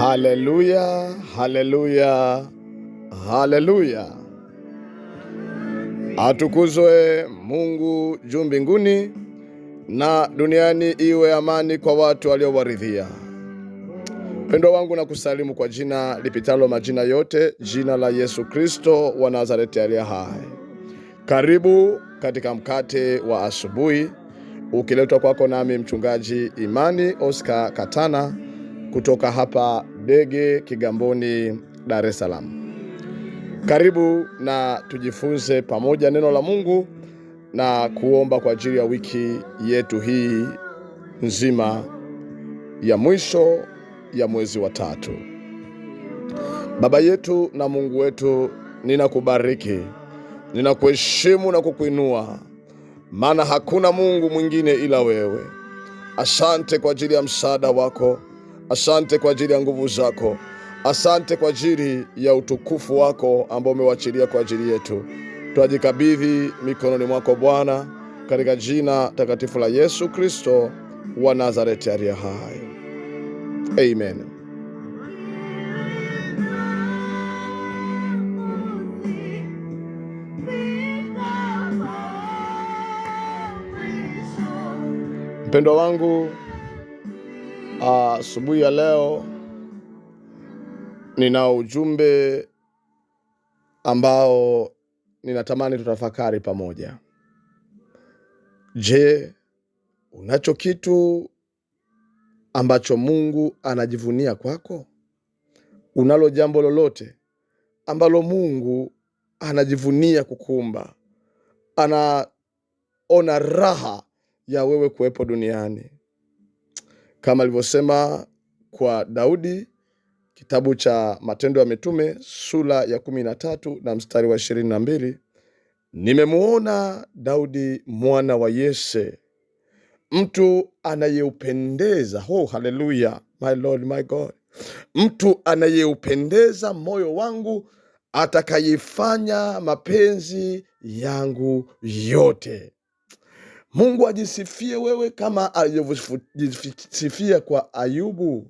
Haleluya, haleluya, haleluya! Atukuzwe Mungu juu mbinguni, na duniani iwe amani kwa watu waliowaridhia. Mpendwa wangu, na kusalimu kwa jina lipitalo majina yote, jina la Yesu Kristo wa Nazareti aliye hai. Karibu katika mkate wa asubuhi, ukiletwa kwako nami mchungaji Imani Oscar Katana kutoka hapa Dege Kigamboni, Dar es Salaam. Karibu na tujifunze pamoja neno la Mungu na kuomba kwa ajili ya wiki yetu hii nzima ya mwisho ya mwezi wa tatu. Baba yetu na Mungu wetu, ninakubariki, ninakuheshimu na kukuinua, maana hakuna Mungu mwingine ila wewe. Asante kwa ajili ya msaada wako Asante kwa ajili ya nguvu zako, asante kwa ajili ya utukufu wako ambao umewachilia kwa ajili yetu. Twajikabidhi mikononi mwako Bwana, katika jina takatifu la Yesu Kristo wa Nazareti aliye hai, amen. Mpendwa wangu Asubuhi uh, ya leo nina ujumbe ambao ninatamani tutafakari pamoja. Je, unacho kitu ambacho Mungu anajivunia kwako? Unalo jambo lolote ambalo Mungu anajivunia kukuumba, anaona raha ya wewe kuwepo duniani? kama alivyosema kwa Daudi kitabu cha Matendo ya Mitume sura ya kumi na tatu na mstari wa ishirini na mbili nimemuona Daudi mwana wa Yese, mtu anayeupendeza. Oh, haleluya, my Lord, my God, mtu anayeupendeza moyo wangu, atakayefanya mapenzi yangu yote. Mungu ajisifie wewe kama alivyojisifia kwa Ayubu.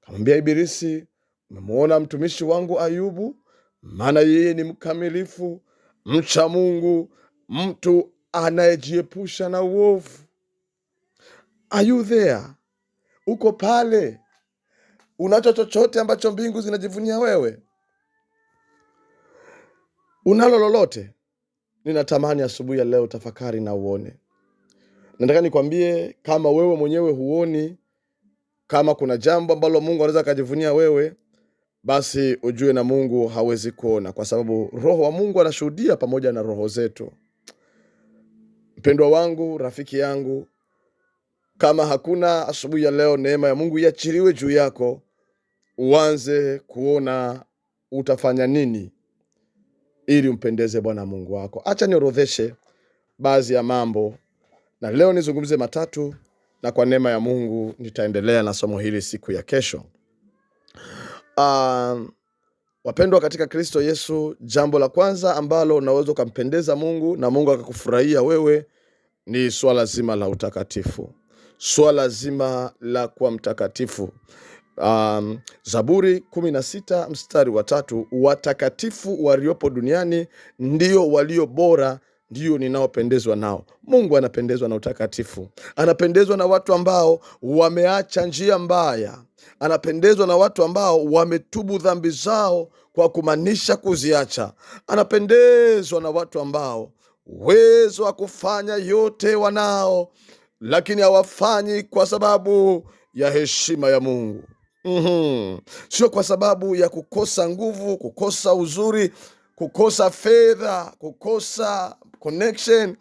Kamwambia Ibilisi, umemwona mtumishi wangu Ayubu, maana yeye ni mkamilifu, mcha Mungu, mtu anayejiepusha na uovu. ayudhea there? Uko pale? Unacho chochote ambacho mbingu zinajivunia wewe? Unalo lolote? ninatamani asubuhi ya leo tafakari na uone. Nataka nikwambie, kama wewe mwenyewe huoni kama kuna jambo ambalo Mungu anaweza akajivunia wewe, basi ujue na Mungu hawezi kuona, kwa sababu Roho wa Mungu anashuhudia pamoja na roho zetu. Mpendwa wangu, rafiki yangu, kama hakuna asubuhi ya leo neema ya Mungu iachiliwe juu yako, uanze kuona utafanya nini ili umpendeze Bwana Mungu wako. Acha niorodheshe baadhi ya mambo, na leo nizungumze matatu, na kwa neema ya Mungu nitaendelea na somo hili siku ya kesho. Uh, wapendwa katika Kristo Yesu, jambo la kwanza ambalo unaweza ukampendeza Mungu na Mungu akakufurahia wewe ni swala zima la utakatifu, swala zima la kuwa mtakatifu um, Zaburi kumi na sita mstari wa tatu watakatifu waliopo duniani ndio walio bora ndio ninaopendezwa nao. Mungu anapendezwa na utakatifu, anapendezwa na watu ambao wameacha njia mbaya, anapendezwa na watu ambao wametubu dhambi zao kwa kumaanisha kuziacha, anapendezwa na watu ambao uwezo wa kufanya yote wanao, lakini hawafanyi kwa sababu ya heshima ya Mungu mm-hmm. Sio kwa sababu ya kukosa nguvu, kukosa uzuri, kukosa fedha, kukosa connection,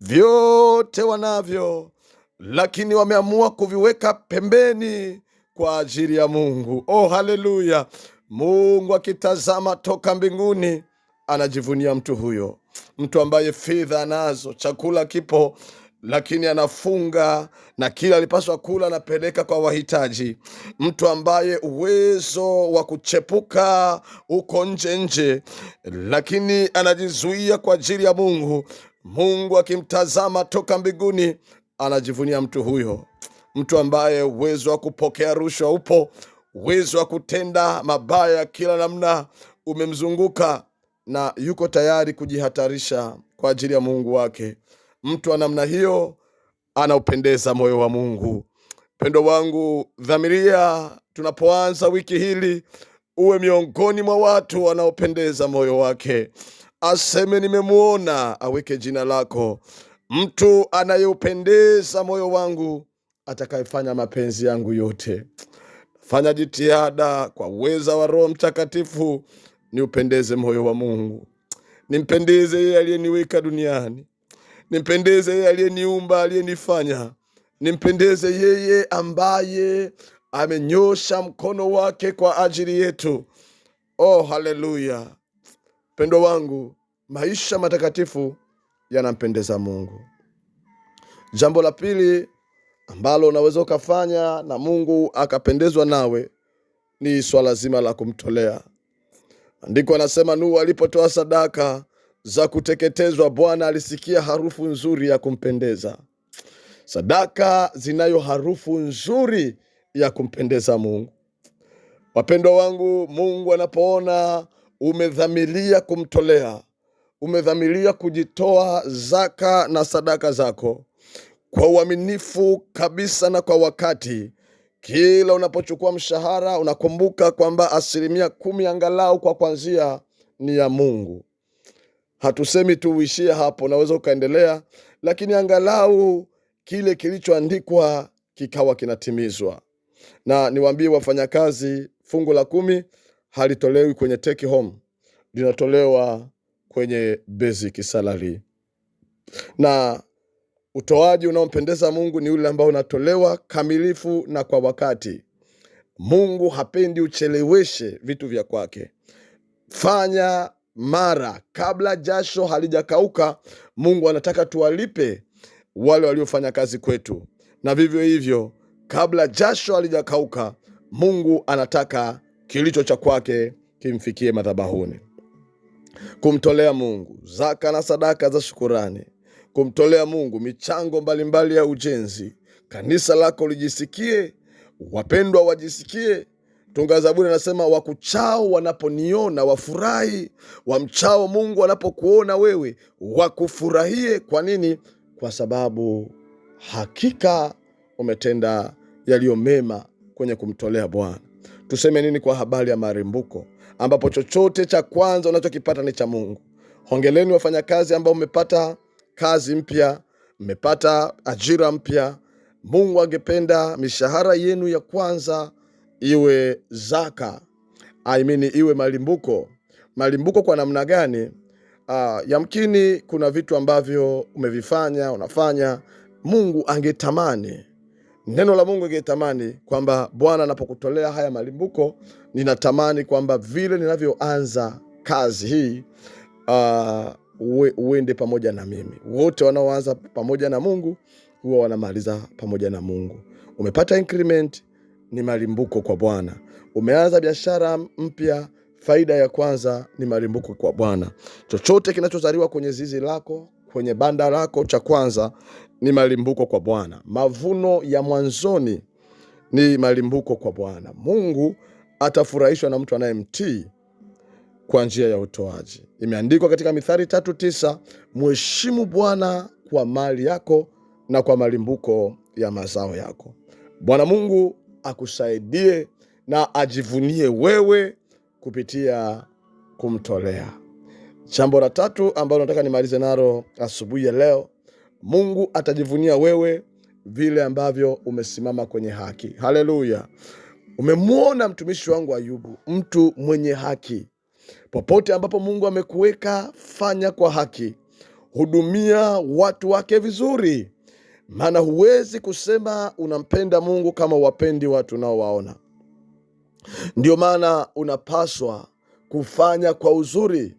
vyote wanavyo, lakini wameamua kuviweka pembeni kwa ajili ya Mungu. Oh, haleluya! Mungu akitazama toka mbinguni anajivunia mtu huyo, mtu ambaye fedha anazo, chakula kipo, lakini anafunga na kila alipaswa kula anapeleka kwa wahitaji. Mtu ambaye uwezo wa kuchepuka uko nje nje, lakini anajizuia kwa ajili ya Mungu. Mungu akimtazama toka mbinguni anajivunia mtu huyo. Mtu ambaye uwezo wa kupokea rushwa upo, uwezo wa kutenda mabaya kila namna umemzunguka, na yuko tayari kujihatarisha kwa ajili ya Mungu wake. Mtu wa namna hiyo anaupendeza moyo wa Mungu. mpendo wangu, dhamiria tunapoanza wiki hili, uwe miongoni mwa watu wanaopendeza moyo wake, aseme nimemwona, aweke jina lako, mtu anayeupendeza moyo wangu, atakayefanya mapenzi yangu yote. Fanya jitihada kwa uweza wa Roho Mtakatifu, niupendeze moyo wa Mungu, nimpendeze yeye aliyeniweka duniani nimpendeze yeye aliyeniumba aliyenifanya, nimpendeze yeye ambaye amenyosha mkono wake kwa ajili yetu. Oh, haleluya! Mpendwa wangu, maisha matakatifu yanampendeza Mungu. Jambo la pili ambalo unaweza ukafanya na Mungu akapendezwa nawe ni swala zima la kumtolea. Andiko anasema Nuhu alipotoa sadaka za kuteketezwa, Bwana alisikia harufu nzuri ya kumpendeza. Sadaka zinayo harufu nzuri ya kumpendeza Mungu. Wapendwa wangu, Mungu anapoona umedhamilia kumtolea, umedhamilia kujitoa zaka na sadaka zako kwa uaminifu kabisa na kwa wakati, kila unapochukua mshahara unakumbuka kwamba asilimia kumi angalau kwa kwanzia ni ya Mungu. Hatusemi tu uishie hapo, unaweza ukaendelea, lakini angalau kile kilichoandikwa kikawa kinatimizwa. Na niwaambie wafanyakazi, fungu la kumi halitolewi kwenye take home, linatolewa kwenye basic salary. Na utoaji unaompendeza Mungu ni ule ambao unatolewa kamilifu na kwa wakati. Mungu hapendi ucheleweshe vitu vya kwake. Fanya mara kabla jasho halijakauka, Mungu anataka tuwalipe wale waliofanya kazi kwetu, na vivyo hivyo kabla jasho halijakauka, Mungu anataka kilicho cha kwake kimfikie madhabahuni. Kumtolea Mungu zaka na sadaka za shukurani, kumtolea Mungu michango mbalimbali ya ujenzi, kanisa lako lijisikie, wapendwa wajisikie tunga Zaburi anasema wakuchao wanaponiona wafurahi, wamchao Mungu wanapokuona wewe wakufurahie. Kwa nini? Kwa sababu hakika umetenda yaliyo mema kwenye kumtolea Bwana. Tuseme nini kwa habari ya marimbuko, ambapo chochote cha kwanza unachokipata ni cha Mungu? Hongereni wafanyakazi ambao mmepata kazi mpya, mmepata ajira mpya. Mungu angependa mishahara yenu ya kwanza iwe zaka, I mean, iwe malimbuko. Malimbuko kwa namna gani? Uh, yamkini kuna vitu ambavyo umevifanya unafanya, Mungu angetamani neno la Mungu angetamani kwamba Bwana anapokutolea haya malimbuko, ninatamani kwamba vile ninavyoanza kazi hii uh, uende pamoja na mimi. Wote wanaoanza pamoja na Mungu huwa wanamaliza pamoja na Mungu. Umepata increment ni malimbuko kwa Bwana. Umeanza biashara mpya, faida ya kwanza ni malimbuko kwa Bwana. Chochote kinachozaliwa kwenye zizi lako, kwenye banda lako, cha kwanza ni malimbuko kwa Bwana. Mavuno ya mwanzoni ni malimbuko kwa Bwana. Mungu atafurahishwa na mtu anayemtii kwa njia ya utoaji. Imeandikwa katika Mithali tatu tisa, mheshimu Bwana kwa mali yako na kwa malimbuko ya mazao yako. Bwana Mungu akusaidie na ajivunie wewe kupitia kumtolea. Jambo la tatu ambalo nataka nimalize nalo asubuhi ya leo, Mungu atajivunia wewe vile ambavyo umesimama kwenye haki. Haleluya! Umemwona mtumishi wangu Ayubu, mtu mwenye haki. Popote ambapo Mungu amekuweka, fanya kwa haki, hudumia watu wake vizuri maana huwezi kusema unampenda Mungu kama wapendi watu unaowaona. Ndio maana unapaswa kufanya kwa uzuri.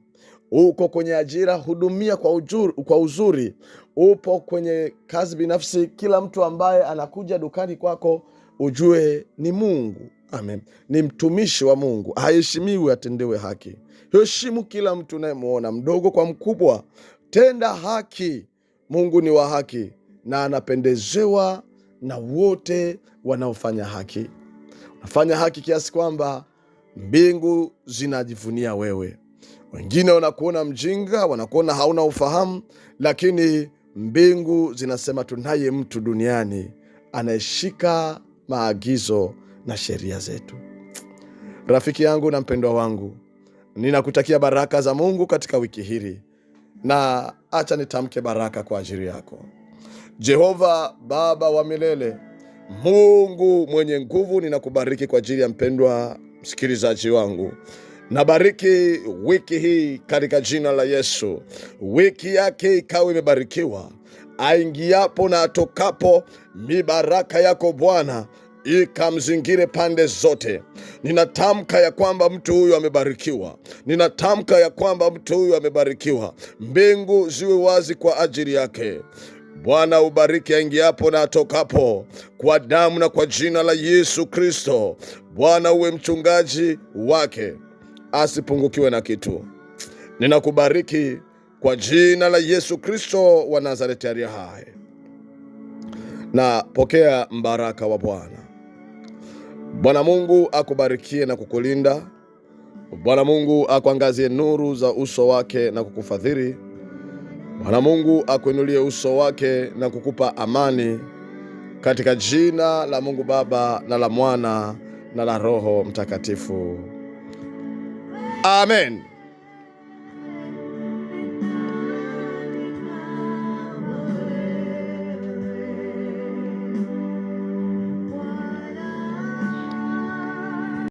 Uko kwenye ajira, hudumia kwa, ujuri, kwa uzuri. Upo kwenye kazi binafsi, kila mtu ambaye anakuja dukani kwako ujue ni Mungu. Amen. Ni mtumishi wa Mungu, aheshimiwe, atendewe haki. Heshimu kila mtu unayemwona, mdogo kwa mkubwa, tenda haki. Mungu ni wa haki na anapendezewa na wote wanaofanya haki. Unafanya haki kiasi kwamba mbingu zinajivunia wewe. Wengine wanakuona mjinga, wanakuona hauna ufahamu, lakini mbingu zinasema tunaye mtu duniani anayeshika maagizo na sheria zetu. Rafiki yangu na mpendwa wangu, ninakutakia baraka za Mungu katika wiki hili, na acha nitamke baraka kwa ajili yako. Jehova Baba wa milele, Mungu mwenye nguvu, ninakubariki kwa ajili ya mpendwa msikilizaji wangu nabariki wiki hii katika jina la Yesu. Wiki yake ikawa imebarikiwa, aingiapo na atokapo, mibaraka yako Bwana ikamzingire pande zote. Ninatamka ya kwamba mtu huyu amebarikiwa, ninatamka ya kwamba mtu huyu amebarikiwa. Mbingu ziwe wazi kwa ajili yake, Bwana ubariki aingiapo na atokapo, kwa damu na kwa jina la Yesu Kristo. Bwana uwe mchungaji wake, asipungukiwe na kitu. Ninakubariki kwa jina la Yesu Kristo wa Nazareti aliye hai, na pokea mbaraka wa Bwana. Bwana Mungu akubarikie na kukulinda. Bwana Mungu akuangazie nuru za uso wake na kukufadhili. Bwana Mungu akuinulie uso wake na kukupa amani katika jina la Mungu Baba na la Mwana na la Roho Mtakatifu. Amen.